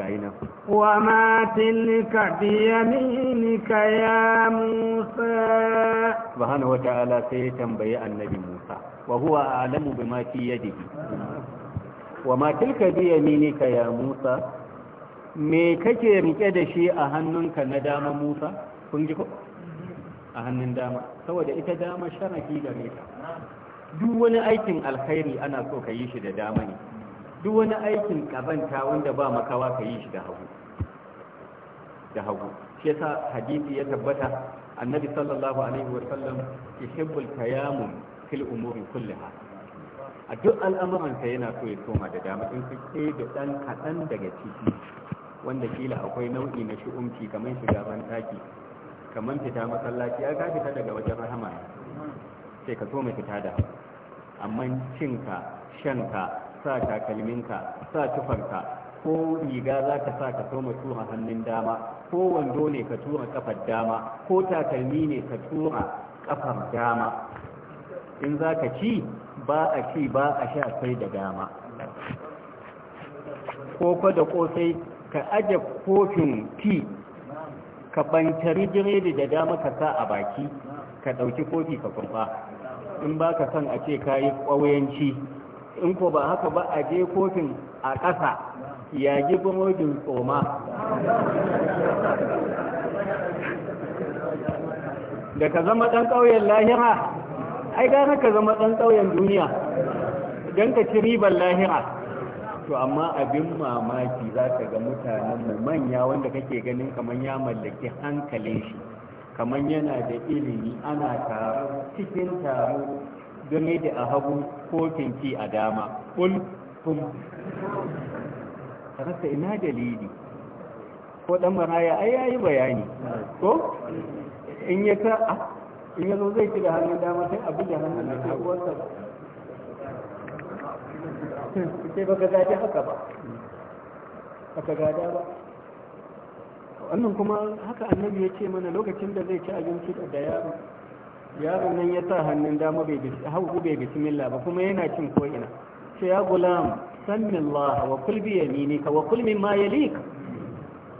gayi nan wa ma tilka bi yaminika ya Musa subhanahu wa ta'ala sai ya tambayi annabi Musa wa huwa a'lamu bima fi yadihi wa ma tilka bi yaminika ya Musa me kake rike da shi a hannunka na dama Musa kun ji ko a hannun dama saboda ita dama sharafi gare ta duk wani aikin alkhairi ana so ka yi shi da dama ne duk wani aikin kazanta wanda ba makawa ka yi shi da hagu da hagu shi yasa hadisi ya tabbata annabi sallallahu alaihi wa sallam yuhibbul tayammum fil umuri kulliha a duk al'amuran sa yana so ya soma da dama in kike da dan kadan daga ciki wanda kila akwai nau'i na shi'umci kamar shiga ban ɗaki. kamar fita masallaci aka ka fita daga wajen rahama sai ka so mai fita da amma cinka ka sa takalminka sa tufarka ko riga za ka sa ka soma tura hannun dama ko wando ne ka tura kafar dama ko takalmi ne ka tura kafar dama in za ka ci ba a ci ba a sha sai da dama ko da kosai ka aje kofin tea ka bantari biredi da dama ka sa a baki ka ɗauki kofi ka kurba in ba ka son a ce ka yi ƙwawayanci in ko ba haka ba a je kofin a ƙasa yagi burodin tsoma da ka zama ɗan ƙauyen lahira ai gane ka zama ɗan ƙauyen duniya don ka ci ribar lahira to amma abin mamaki za ka ga mutanen mu manya wanda kake ganin kamar ya mallaki hankalin shi kamar yana da ilimi ana taro cikin taro game da a hagu ko kinki a dama kul kun rasa ina dalili ko dan maraya ai yayi bayani ko in ya ta ah, in ya zo zai ci da hannun dama sai abin da hannun da ta uwarsa sai ga gaji haka ba baka gada ba wannan kuma haka annabi ya ce mana lokacin da zai ci abinci da yaro yaron nan ya sa hannun dama bai hau bai bismillah ba kuma yana cin ko ina sai ya gulam sallallahu wa kul bi yaminika wa kul mimma yalik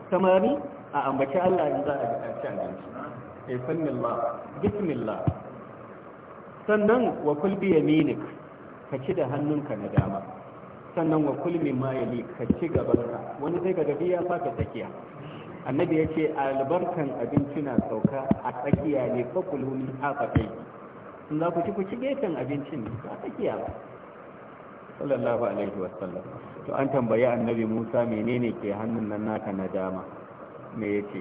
tamami a ambaci Allah in za a ga ci abinci eh sallallahu bismillah sannan wa kul bi yaminika ka ci da hannunka na dama sannan wa kulmi ma yali ka ci gabanka wani sai kaga ya faka tsakiya annabi ya ce albarkan abinci na sauka a tsakiya ne fakulu min afakai sun za ku ci ku ci gefen abincin a tsakiya ba sallallahu alaihi wasallam to an tambayi annabi musa menene ke hannun nan naka na dama me yace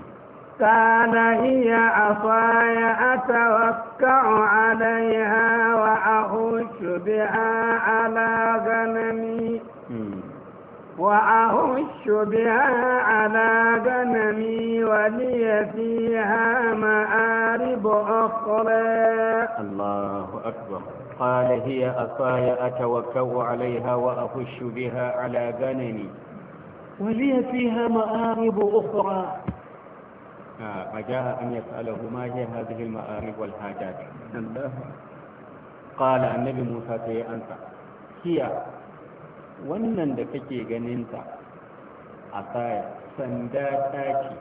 قال هي عصاي أتوكع عليها وأهش بها على غنمي وأهش بها على غنمي ولي فيها مآرب أخرى الله أكبر قال هي عصاي أتوكأ عليها وأهش بها على غنمي ولي فيها مآرب أخرى فجاء أن يسأله ما هي هذه المآرب والحاجات قال النبي موسى تي أنت هي wannan da kake ganinta a tsaya sanda taki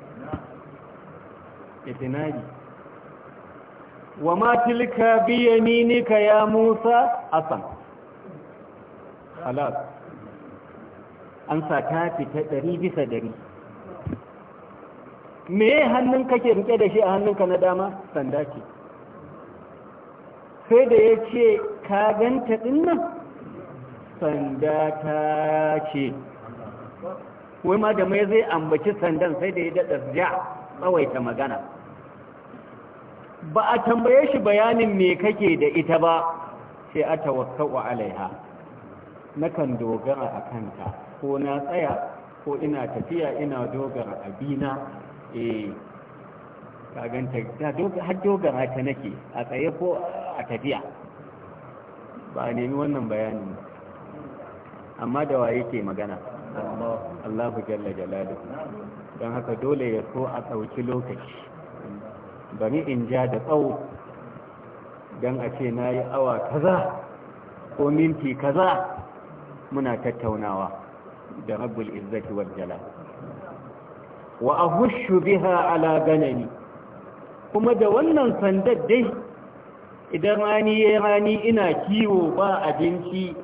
itinari wa biya biyaminika ya musa asan halas an sa ta fita ɗari bisa ɗari me hannun kake rike da shi a hannunka na dama sanda ce sai da ya ce ka ganta dinnan sanda ta ce wai ma da mai zai ambaci sandan sai da ya daɗa ja tsawaita magana ba a tambaye shi bayanin me kake da ita ba sai a tawakka'u alaiha nakan dogara a kanta ko na tsaya ko ina tafiya ina dogara a abina eh kaganta ta har dogara ta nake a tsaye ko a tafiya ba a nemi wannan bayanin amma da waye ke magana Allahu jalla jalalu don haka dole ya so a ɗauki lokaci bari in ja da tsawo don a ce na yi awa kaza ko minti kaza muna tattaunawa da rabbul izzati wal jalal wa ahushu biha ala ganani kuma da wannan sandar dai idan rani ya rani ina kiwo ba abinci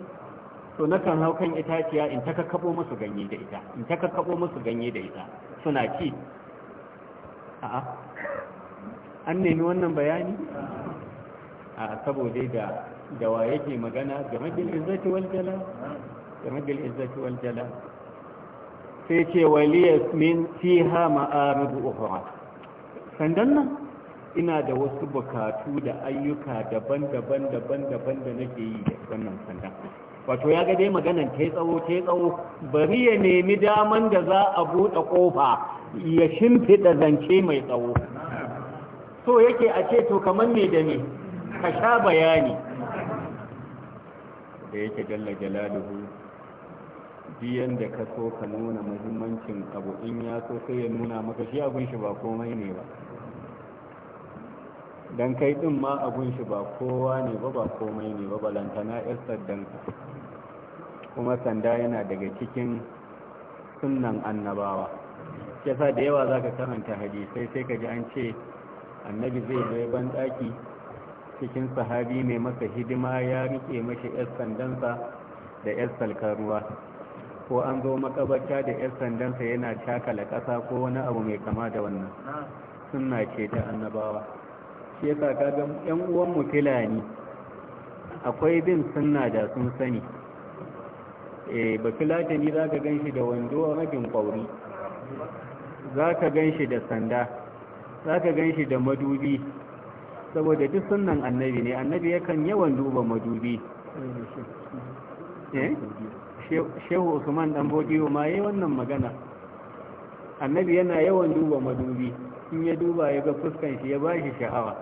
to kan hau kan itaciya in ta kakkabo musu ganye da ita in ta kakkabo musu ganye da ita suna ci a'a an nemi wannan bayani a saboda da da wa yake magana game da izzati wal jala game da izzati wal jala sai ce waliyas min fiha ma'aridu ukhra sandan nan ina da wasu bukatu da ayyuka daban-daban daban-daban da nake yi da wannan sandan wato ya ga dai maganan kai tsawo kai tsawo bari ya nemi daman da za a buɗe ƙofa ya shimfiɗa zance mai tsawo so yake a ce to kamar me da me ka sha bayani da yake dalla jalaluhu da ka so ka nuna muhimmancin abu in ya so sai ya nuna maka shi abun shi ba komai ne ba dan kai din ma abun shi ba kowa ne ba ba komai ne ba balantana yar saddanka kuma sanda yana daga cikin sunnan annabawa yasa da yawa za ka karanta hadisai sai ka ji an ce annabi zai zai ban daki cikin sahabi mai masa hidima ya rike mashi yar sandansa da yar salkar ruwa ko an zo makabarta da 'yan sandansa yana takala ƙasa ko wani abu mai kama da wannan suna ce ta annabawa shi yasa kaga 'yan uwanmu filani akwai bin sunna da sun sani e ba filatani za ka gan shi da wando rabin ƙwauri za ka gan shi da sanda za ka gan shi da madubi saboda duk sunan annabi ne annabi yakan yawan duba madubi eh shehu usman dan bodiyo ma yayi wannan magana annabi yana yawan duba madubi in ya duba ya ga fuskan shi ya bashi sha'awa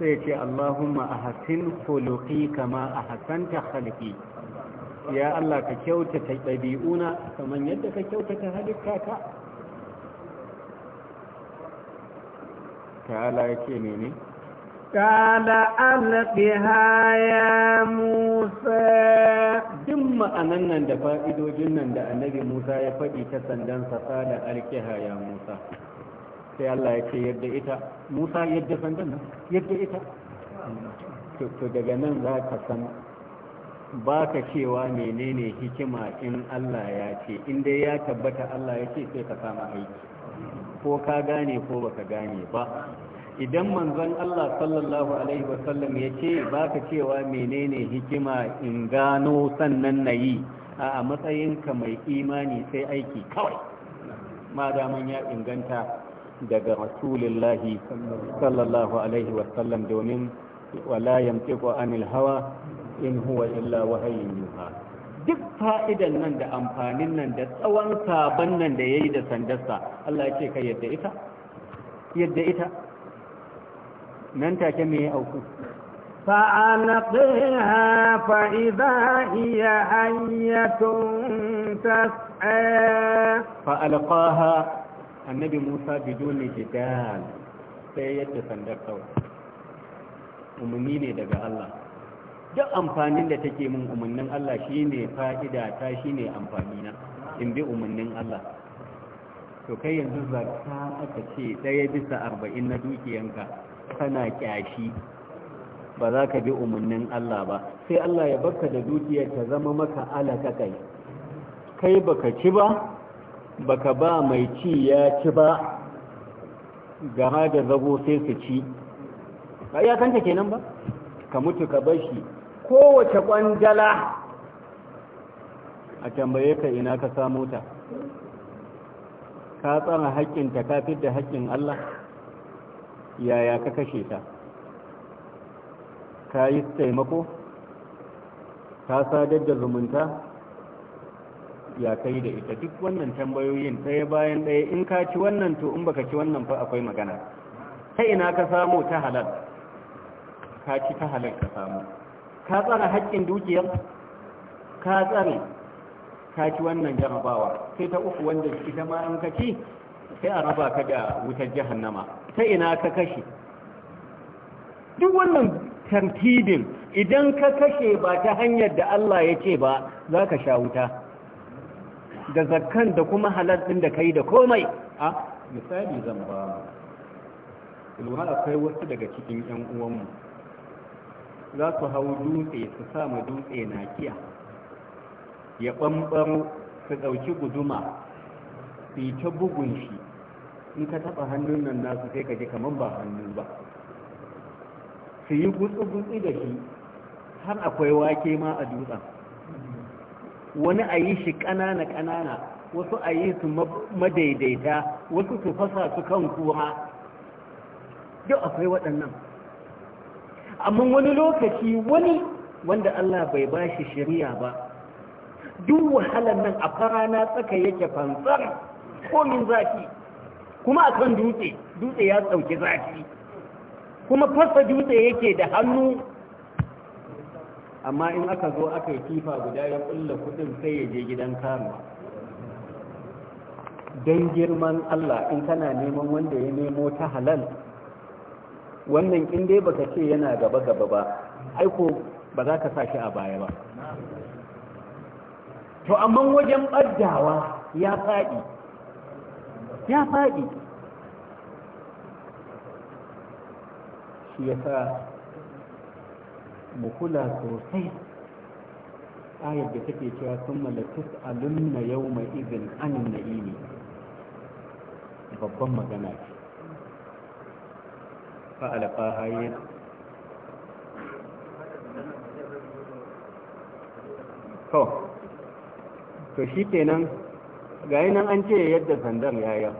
sai ya ce Allahumma ahsin khuluqi kama ahsanta khalqi ya Allah ka kyautata dabi'una kaman yadda ka kyautata halittata ta'ala yake ne ne قال ألقها يا موسى duk أننا nan da جنن da annabi Musa ya faɗi ta sandansa sada alkiha ya Musa sai Allah ya ce yadda ita Musa yadda sandan nan yadda ita to daga san baka cewa menene hikima in Allah ya ce in dai ya tabbata Allah ya ce sai ka kama aiki ko ka gane ko baka gane ba idan manzon Allah sallallahu alaihi wasallam ya ce ba ka cewa menene hikima in gano sannan na yi a matsayinka mai imani sai aiki kawai Ma daman ya inganta daga rasulullahi sallallahu alaihi wasallam domin wala yamtiqu anil hawa in huwa illa wahayin yuha duk fa'idan nan da amfanin nan da tsawon sabon nan da ya yi da sandarsa Allah ya ce ka yadda ita yadda ita nan take me ya auku فألقيها فإذا fa حية تسعى فألقاها النبي موسى بدون جدال سيئة صندوق umarni ne daga Allah duk amfanin da take min umarnin Allah shine fa'ida ta shine amfani na in bi umarnin Allah to kai yanzu zaka aka ce daya bisa 40 na dukiyanka kana kyashi ba za ka bi umarnin Allah ba sai Allah ya baka da dukiyar ta zama maka alaka kai kai baka ci ba baka ba mai ci ya ci ba gara da zago sai su ci ba ya kanta kenan ba ka mutu ka bashi kowace kwanjala a tambaye ka ina ka samu ta ka tsara haƙƙinta ka fitar da haƙƙin Allah yaya ka kashe ta ka yi taimako ka sadar da zumunta ya kai da ita duk wannan tambayoyin ɗaya bayan ɗaya in ka ci wannan to in baka ci wannan fa akwai magana ta ina ka samu ta halal ka ci ta halal ka samu ka tsara haƙƙin dukiyar ka tsare ka ci wannan jarabawa sai ta uku wanda ita ma an ka ci sai a raba ka da wutar jahannama ta ina ka kashe duk wannan tartibin idan ka kashe ba ta hanyar da Allah ya ce ba za ka sha wuta da zakkan da kuma halattun da ka yi da komai a misali zan ba mu lura akwai wasu daga cikin 'yan uwanmu za su hau dutse su sama dutse na kiya ya ɓamɓaro su ɗauki guduma su yi ta bugun shi in ka taɓa hannun nan nasu sai ka ji kamar ba hannu ba su yi gutsu-gutsu da shi har akwai wake ma a dutsen wani a yi shi ƙanana-ƙanana wasu a yi su madaidaita wasu su fasa su kan kura. duk akwai waɗannan amma wani lokaci wani wanda Allah bai ba shi shari'a ba duk wahalar nan a farana tsaka yake fansar komin zafi kuma akan dutse dutse ya sauki zafi kuma fasa dutse yake da hannu amma in aka zo aka yi kifa guda ya kulla kudin sai ya je gidan kano. don girman Allah in kana neman wanda ya nemo ta halal wannan in dai baka ce yana gaba gaba ba aiko ba za ka sa shi a baya ba to amma wajen ɓaddawa ya faɗi ya faɗi shi ya sa mu kula sosai ayar da take cewa sun malatus alunna yau mai izin anin na'ini babban magana ce fa'ala fahaye to to shi kenan ga nan an ce yadda sandan yaya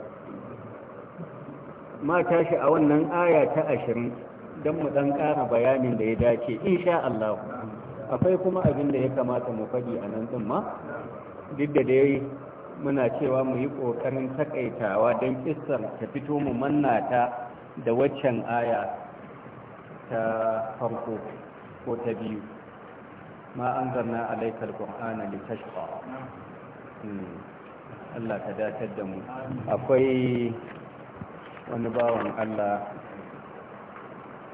ma shi a wannan aya ta ashirin don mu ɗan ƙara bayanin da ya dace in sha Allah akwai kuma abin da ya kamata mu faɗi a nan ɗin ma duk da dai muna cewa mu yi ƙoƙarin takaitawa don ƙisar ta fito mu manna ta da waccan aya ta farko ko ta biyu ma an zarna alaikar ƙwa'ana da tashfa hmm. Allah ka datar da mu akwai wani bawan Allah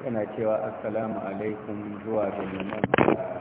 yana cewa assalamu alaikum zuwa ga liman